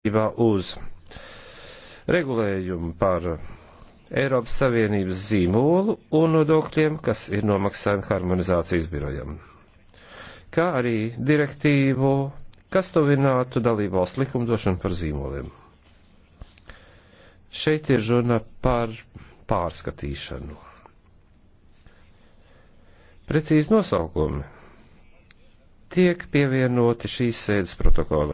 attiecībā uz regulējumu par Eiropas Savienības zīmolu un nodokļiem, kas ir nomaksājumi harmonizācijas birojam, kā arī direktīvu, kas tuvinātu dalību valstu likumdošanu par zīmoliem. Šeit ir runa par pārskatīšanu. Precīzi nosaukumi tiek pievienoti šīs sēdes protokola.